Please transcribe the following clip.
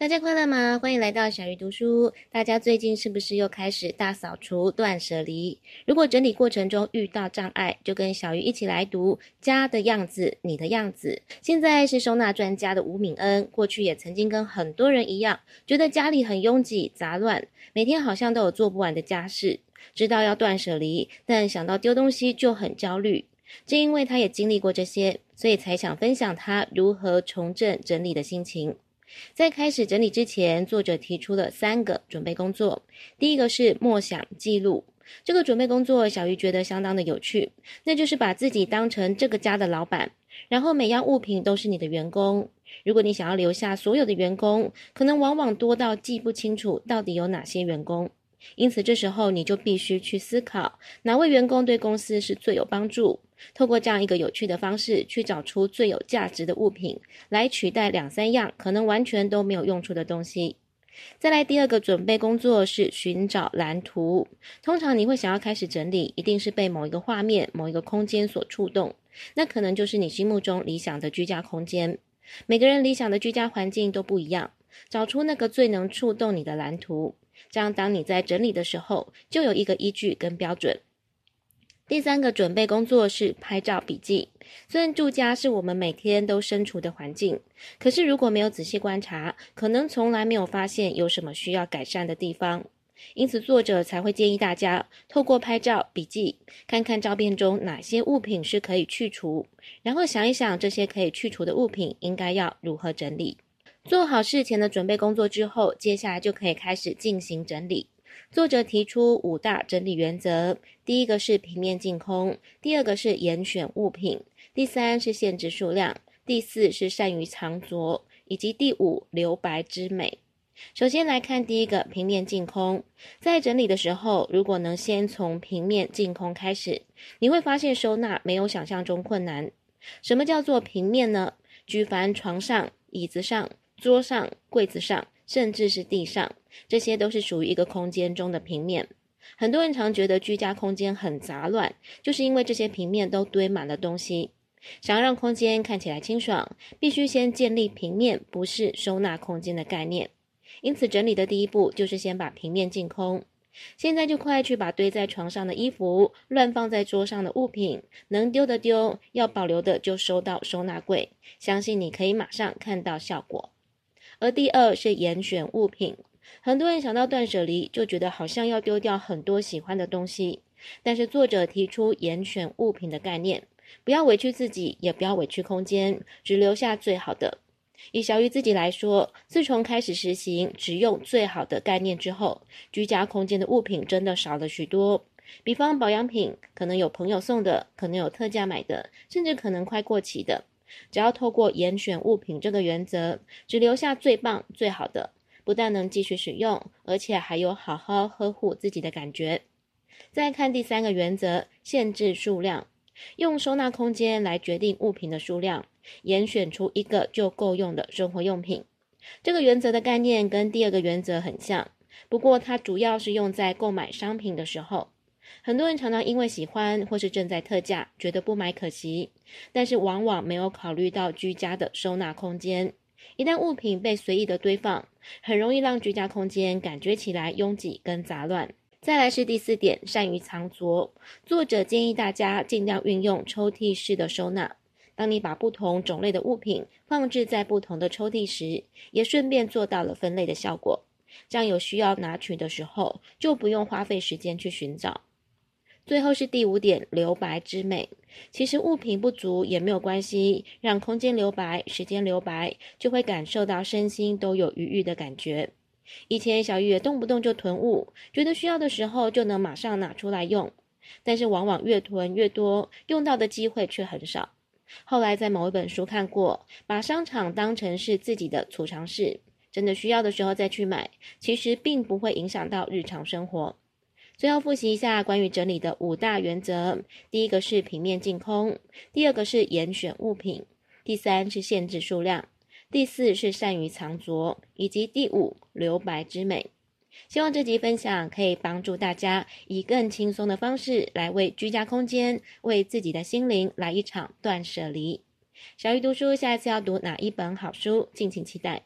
大家快樂嗎？歡迎來到小魚讀書。大家最近是不是又開始大掃除、斷捨離？如果整理過程中遇到障礙，就跟小魚一起來讀《家的樣子，你的樣子》。現在是收納專家的吳敏恩，過去也曾經跟很多人一樣，覺得家裡很擁擠、雜亂，每天好像都有做不完的家事。知道要斷捨離，但想到丟東西就很焦慮。正因為他也經歷過這些，所以才想分享他如何重振整理的心情。在開始整理之前，作者提出了三個準備工作。第一個是默想記錄，這個準備工作小魚覺得相當的有趣，那就是把自己當成這個家的老板，然後每樣物品都是你的員工。如果你想要留下所有的員工，可能往往多到記不清楚到底有哪些員工。因此這時候你就必須去思考哪位員工對公司是最有幫助。透過這樣一個有趣的方式，去找出最有價值的物品來取代兩三樣可能完全都沒有用處的東西。再來，第二個準備工作是尋找藍圖。通常你會想要開始整理，一定是被某一個畫面、某一個空間所觸動，那可能就是你心目中理想的居家空間。每個人理想的居家環境都不一樣，找出那個最能觸動你的藍圖，這樣當你在整理的時候，就有一個依據跟標準。第三個準備工作是拍照筆記。雖然住家是我們每天都身處的環境，可是如果沒有仔細觀察，可能從來沒有發現有什麼需要改善的地方。因此，作者才會建議大家透過拍照筆記，看看照片中哪些物品是可以去除，然後想一想這些可以去除的物品應該要如何整理。做好事前的準備工作之後，接下來就可以開始進行整理。作者提出五大整理原則：第一個是平面淨空，第二個是嚴選物品，第三是限制數量，第四是善於藏拙，以及第五留白之美。首先來看第一個平面淨空，在整理的時候，如果能先從平面淨空開始，你會發現收納沒有想象中困難。什麼叫做平面呢？舉凡床上、椅子上、桌上、櫃子上，甚至是地上。這些都是屬於一個空間中的平面。很多人常覺得居家空間很雜亂，就是因為這些平面都堆滿了東西。想要讓空間看起來清爽，必須先建立平面不是收納空間的概念。因此，整理的第一步就是先把平面淨空。現在就快去把堆在床上的衣服、亂放在桌上的物品，能丟的丟，要保留的就收到收納櫃。相信你可以馬上看到效果。而第二是嚴選物品。很多人想到斷捨離，就覺得好像要丟掉很多喜歡的東西。但是作者提出嚴選物品的概念，不要委屈自己，也不要委屈空間，只留下最好的。以小魚自己來說，自從開始實行只用最好的概念之後，居家空間的物品真的少了許多。比方保養品，可能有朋友送的，可能有特價買的，甚至可能快過期的。只要透過嚴選物品這個原則，只留下最棒最好的。不但能繼續使用，而且還有好好呵護自己的感覺。再看第三個原則：限制數量，用收納空間來決定物品的數量，嚴選出一個就夠用的生活用品。這個原則的概念跟第二個原則很像，不過它主要是用在購買商品的時候。很多人常常因為喜歡或是正在特價，覺得不買可惜，但是往往沒有考慮到居家的收納空間。一旦物品被隨意的堆放，很容易讓居家空間感覺起來擁擠跟雜亂。再來是第四點，善於藏拙。作者建議大家盡量運用抽屜式的收納。當你把不同種類的物品放置在不同的抽屜時，也順便做到了分類的效果。這樣有需要拿取的時候，就不用花費時間去尋找。最後是第五點，留白之美。其實物品不足也沒有關係，讓空間留白，時間留白，就會感受到身心都有餘裕的感覺。以前小魚也動不動就囤物，覺得需要的時候就能馬上拿出來用，但是往往越囤越多，用到的機會卻很少。後來在某一本書看過，把商場當成是自己的儲藏室，真的需要的時候再去買，其實並不會影響到日常生活。最後複習一下關於整理的五大原則：第一個是平面淨空，第二個是嚴選物品，第三是限制數量，第四是善於藏拙，以及第五留白之美。希望這集分享可以幫助大家以更輕鬆的方式來為居家空間、為自己的心靈來一場斷捨離。小魚讀書下一次要讀哪一本好書，敬請期待。